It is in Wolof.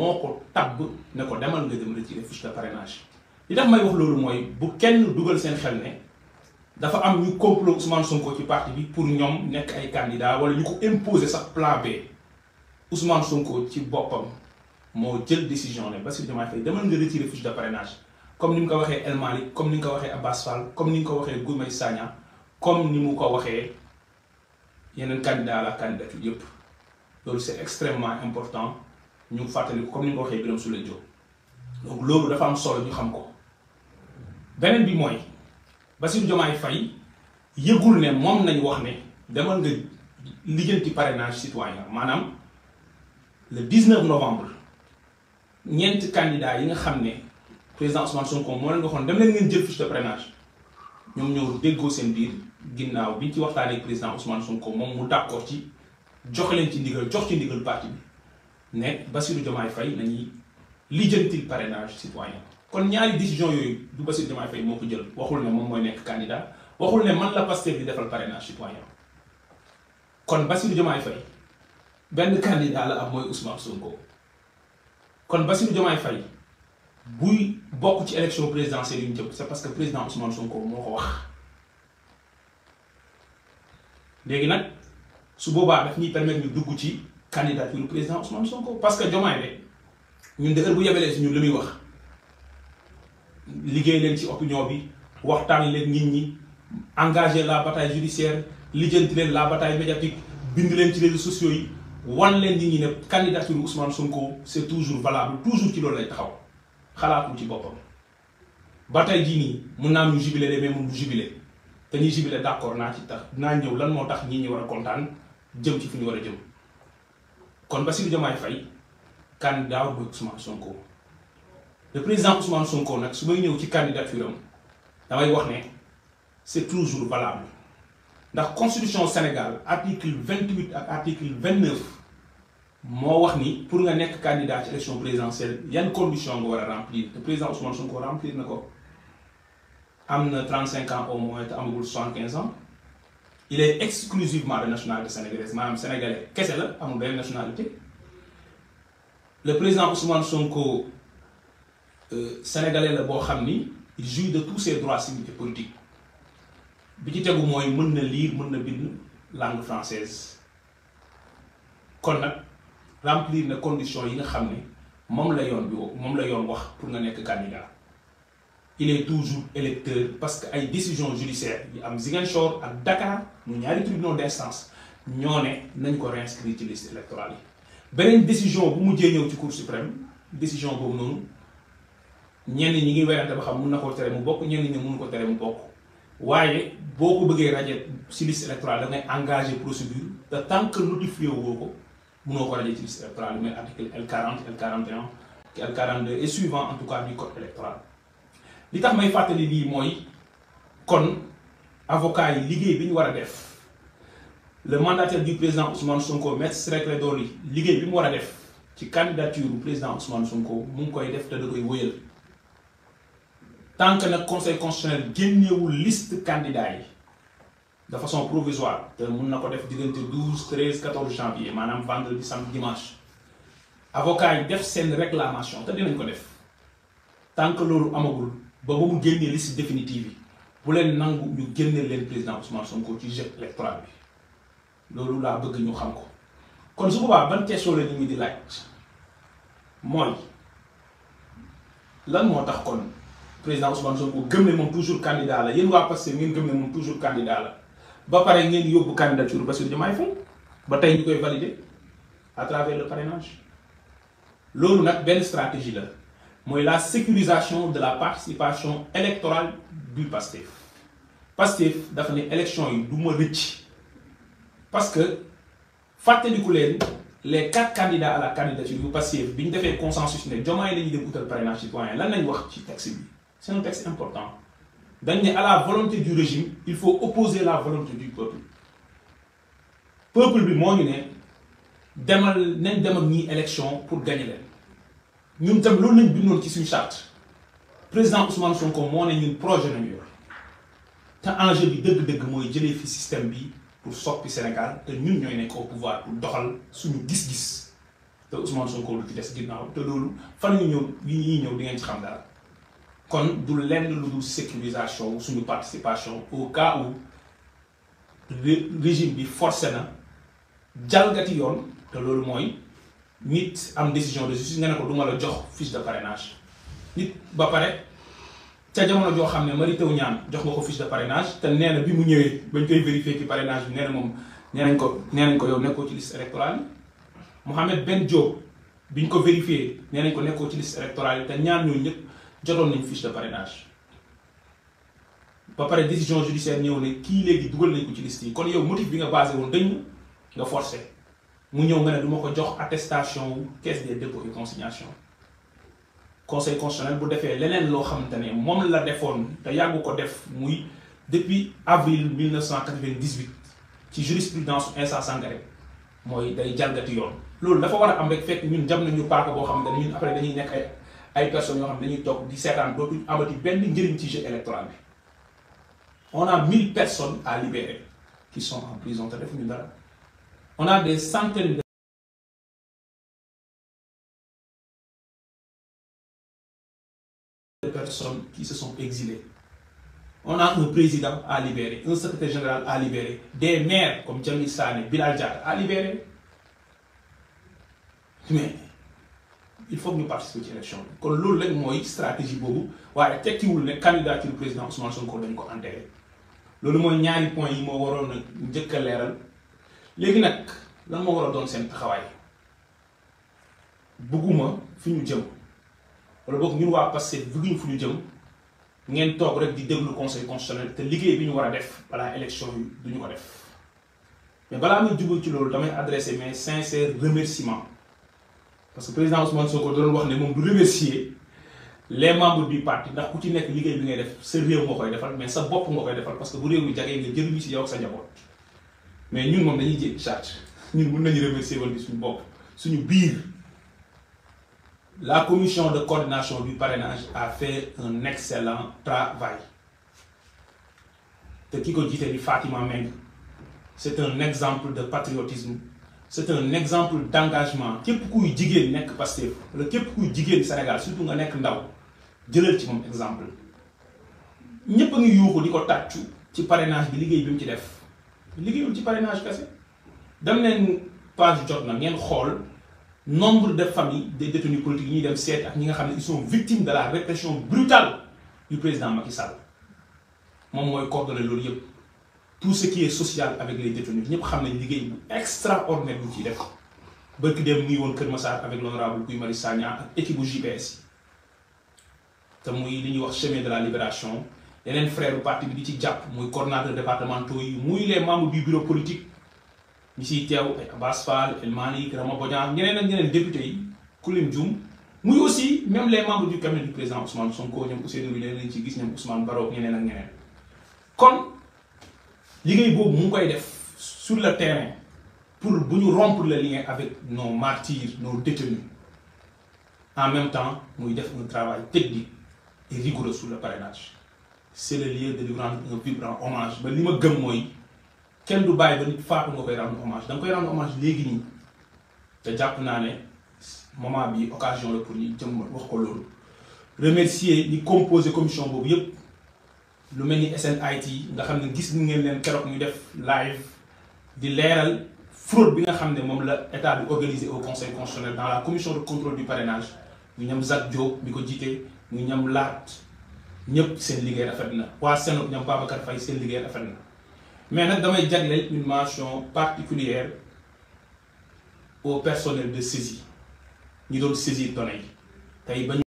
moo ko tabb ne ko demal nga jëm retiré fiche de parrainage li tax may wax loolu mooy bu kenn dugal seen xel ne dafa am ñu complot Ousmane Sonko ci parti bi pour ñoom nekk ay candidat wala ñu ko imposer sax plan B Ousmane Sonko ci boppam moo jël décision ne Bassirou Diomaye Faye demal nga retiré fiche de parrainage comme ni mu ko waxee El comme ni nga ko waxee Abbas Fall comme ni nga ko waxee Guy Marius comme ni mu ko waxee yeneen candidat la candidature yépp loolu c'est extrêmement important ñu fàttali ko comme ni nga ko waxee Birame Souleye loolu dafa am solo ñu xam ko beneen bi mooy Bassirou Diomaye fay yëgul ne moom nañu wax ne demal nga lijjanti parrainage citoyen maanaam le 19 novembre ñeenti candidats yi nga xam ne président Ousmane Sonko moo leen waxoon dem leen ngeen jël ñoom ñoo déggoo seen biir ginnaaw bi ci waxtaanee président Ousmane Sonko moom mu d'accord ci jox leen ci ndigal jox ci ndigal parti bi. ne Bassirou Diomaye Faye nañuy lijjantil parrainage citoyen kon ñaari décision yooyu du Bassirou Diomaye Faye moo ko jël waxul ne moom mooy nekk candidat waxul ne man la Pastef di defal parrainage citoyen kon Bassirou Diomaye Faye benn candidat la am mooy Ousmane Sonko kon Bassirou Diomaye Faye buy bokk ci élection présidentielle yu ñu jëm c'est parce que président Ousmane Sonko moo ko wax léegi nag su boobaa daf ñuy permettre ñu dugg ci candidature président Ousmane Sonko parce que Diomaye de ñun de heure bu yebalee si ñun li muy wax liggéey leen ci opinion bi waxtaan leen nit ñi engage la bataille judiciaire lijjanti leen la bataille médiatique bind leen ci réseaux sociaux yi wan leen nit ñi ne candidature Ousmane Sonko c'est toujours valable toujours ci loolu lay taxaw xalaatul ci boppam. ba tey jii nii mun naa am ñu de mais moom du jubilé te ñuy jubilé d'accord naa ci tax dinaa ñëw lan moo tax ñii ñu war kontaan jëm ci fu ñu war a jëm. kon Bassirou Diomaye Faye candidat bu Ousmane Sonko le président Ousmane Sonko nag su may ñëw ci candidature am damay wax ne c'est toujours valable ndax constitution Sénégal article vingt huit ak article vingt neuf moo wax ni pour nga nekk candidat ci élection présidentielle yan condition nga war a remplir te président Ousmane Sonko remplir na ko am na trente cinq ans au moins te amagul soixante quinze ans. il est exclusivement de nationalité sénégalaise maanaam sénégalais kese la amul de nationalité le président Ousmane Sonko euh, sénégalais la boo xam ni il de tous ses droits civiques et politiques bi ci tegu mooy mën na liir mën na bind langue française kon nag remplir na conditions yi nga xam ne moom la yoon bi moom la yoon wax pour nga nekk candidat il est toujours électeur parce que ay décision judiciaire yi am Ziguinchor ak Dakar mu ñaari tribunaux d'instance ñoo ne nañ ko réinscrire ci liste électorale yi beneen décision bu mujjee ñëw ci cour suprême décision boobu noonu ñeen ñi ngi werante ba xam mun na ko tere mu bokk ñenn ñi mun ko tere mu bokk waaye boo ko bëggee raje ci liste électorale da ngay engagé procédure te tant que notifié woo ko munoo ko raje ci liste électorale yi mooy article L40 li tax may fàttali lii mooy kon avocat yi liggéey bi ñu war a def le mandataire du président Ousmane Sonko maître Ciré Clédor yi liggéey bi mu war a def ci candidature bu président Ousmane Sonko mu ngi koy def te da koy wëyal tant na nag conseil constitutionnel génnewul liste candidat yi de façon provisoire te mun na ko def diggante 12 13 14 janvier maanaam bi samedi dimanche avocat yi def seen réclamation te dinañ ko def tant que loolu amagul. ba ba mu génnee liste définitive yi bu leen nangu ñu génne leen président Ousmane Sonko ci jeu électoral bi loolu laa bëgg ñu xam ko kon su boobaa ban question la ñu ngi di laaj mooy lan moo tax kon président Ousmane Sonko gëm ne moom toujours candidat la yéen waa Pastef ngeen gëm ne moom toujours candidat la ba pare ngeen yóbbu candidature Bassirou Diomaye Faye ba tey ñu koy valider à travers le parrainage loolu nag benn stratégie la. mooy la sécurisation de la participation électorale du PASTEF PASTEF dafa ne élection yi du ma rëcc parce que fàttaliku leen les quatre candidats à la candidature yu PASTEF bi ñu defee consensus ne Diomaye la ñuy dem utal parrainage citoyen lan lañ wax ci texte bi c'est un texte important dañ ne à la volonté du régime il faut opposer la volonté du peuple peuple bi moo ñu ne demal nañ dem ak ñii élection pour gagner leen ñun tam loolu bi bindoon ci suñu charte président Ousmane Sonko moo ne ñun projet nañu yor te enjeu bi dëgg-dëgg mooy jëlee fi système bi pour soppi Sénégal te ñun ñooy nekk au pouvoir doxal suñu gis-gis te Ousmane Sonko lu ci des ginnaaw te loolu fan ñu ñëw yi ñuy ñëw di ci xam dara kon du lenn lu dul sécurisation suñu participation au cas où régime bi forcé na jalgati yoon te loolu mooy. nit am décision de justice nga ne ko du ma la jox fiche de parrainage nit ba pare ca jamono joo xam ne Mary Teuw ñaan jox nga ko fiche de parrainage te nee na bi mu ñëwee bañ koy vérifier ci parrainage bi nee moom nee nañ ko nee nañ ko yow nekkoo ci liste électorale yi Mouhamed Ben Diop biñ ko vérifier nee nañ ko nekkoo ci liste électorale yi te ñaar ñooñu ñëpp jotoon nañ fiche de parrainage ba pare décision judiciaire ñëw ne kii léegi dugal nañ ko ci liste yi kon yow bi nga basé woon dañ nga mu ñëw nga ne du ko jox attestation wu caisse des dépôts et consignation conseil constitutionnel bu defee leneen loo xamante ne moom la defoon te yàggu ko def muy depuis avril 1998 ci jurisprudence Insa Sangaré mooy day jalgati yoon. loolu dafa war a am rek fekk ñun jam nañu paaka boo xam ne ñun après dañuy nekk ay ay personnes yoo xam ne dañuy toog di seetaan dootuñ amati benn njëriñ ci jeu électoral bi on a mille personnes à libérer qui sont en prison te on a des personnes qui se sont exilées. On a un président à libérer, un secrétaire général à libérer, des maires comme Djamil Sane, Bilal Diar à libérer. il faut ñu participer ci élection kon loolu rek mooy stratégie boobu waaye tekkiwul ne candidature président Ousmane Sonko dañ ko enterré loolu mooy ñaari point yi moo waroon a leeral. léegi nag lan ma war a doon seen taxawaay bëgguma fi ñu jëm wala boog ñun waa Pastef bëgguñu fi ñu jëm ngeen toog rek di déglu conseil constitutionnel te liggéey bi ñu war a def balaa élection yi ñu ko def mais balaa muy jubal ci loolu damay adressé mes sincères remerciements parce que président Ousmane Sonko doon wax ne moom du remercier les membres du parti ndax ku ci nekk liggéey bi ngay def sa réew nga koy defal mais sa bopp nga koy defal si yow sa njaboot. mais ñun moom dañuy jéggi charge ñun mën nañu remercier wal bi suñu bopp suñu biir la commission de coordination du parrainage a fait un excellent travail te ki ko jiite di Fatima Meng c'est un exemple de patriotisme c'est un exemple d'engagement képp kuy jigéen nekk Pastef wala képp kuy jigéen Sénégal surtout nga nekk ndaw jëlal ci moom exemple ñépp a ngi yuuxu di ko tàccu ci parrainage bi liggéey bi mu ci def liggéeyul ci parrainage kese dem leen page jot na ngeen xool nombre de familles de détenus politiques yi ñuy dem seet ak ñi nga xam ne ils sont victimes de la répression brutale du président Macky Sall moom mooy coordonné loolu yëpp tout ce social avec les détenus ñëpp xam nañ liggéey bu extraordinaire bu ciy def bërki dem mu ngi woon Kër Massar avec l'honorable Guy Marius Sagna ak équipe bu GPS yi te muy li ñuy wax chemin de la libération yeneen frère parti bi di ci jàpp muy coordonnateur départementaux yi muy les membres du bureau politique ñi siy teew ay Abbas Fall El Malick Rama Bodian ñeneen ak ñeneen député yi Koulim Dioum muy aussi même les membres du cabinet du président Ousmane Sonko ñoom Ousseynou bi leen lañ ci gis ñoom Ousmane Baro ñeneen ak ñeneen kon liggéey boobu mu koy def sur le terrain pour bu ñu rompre le lien avec no martyrs nos détenus en même temps muy def un travail technique c'est le lieu de lui rendre un vibrant hommage ba li ma gëm mooy kenn du bàyyi ba nit faatu nga koy rendre hommage da nga koy rendre hommage léegi nii te jàpp naa ne moment bi occasion la pour ñu jëm wax ko loolu remercier ñi composé commission boobu yëpp lu mel ni SNIT nga xam ne gis ni ngeen leen keroog ñu def live di leeral fraude bi nga xam ne moom la état bi organisé au conseil constitutionnel dans la commission de contrôle du parrainage ñu ñam Zak Diop bi ko jiite ñam Laat ñëpp seen liggéey rafet na waa Sénégal ñoom Babacar Faye seen liggéey rafet na mais nag damay jagleel une mention particulière au personnel de saisie ñu doon saisir données yi tey ba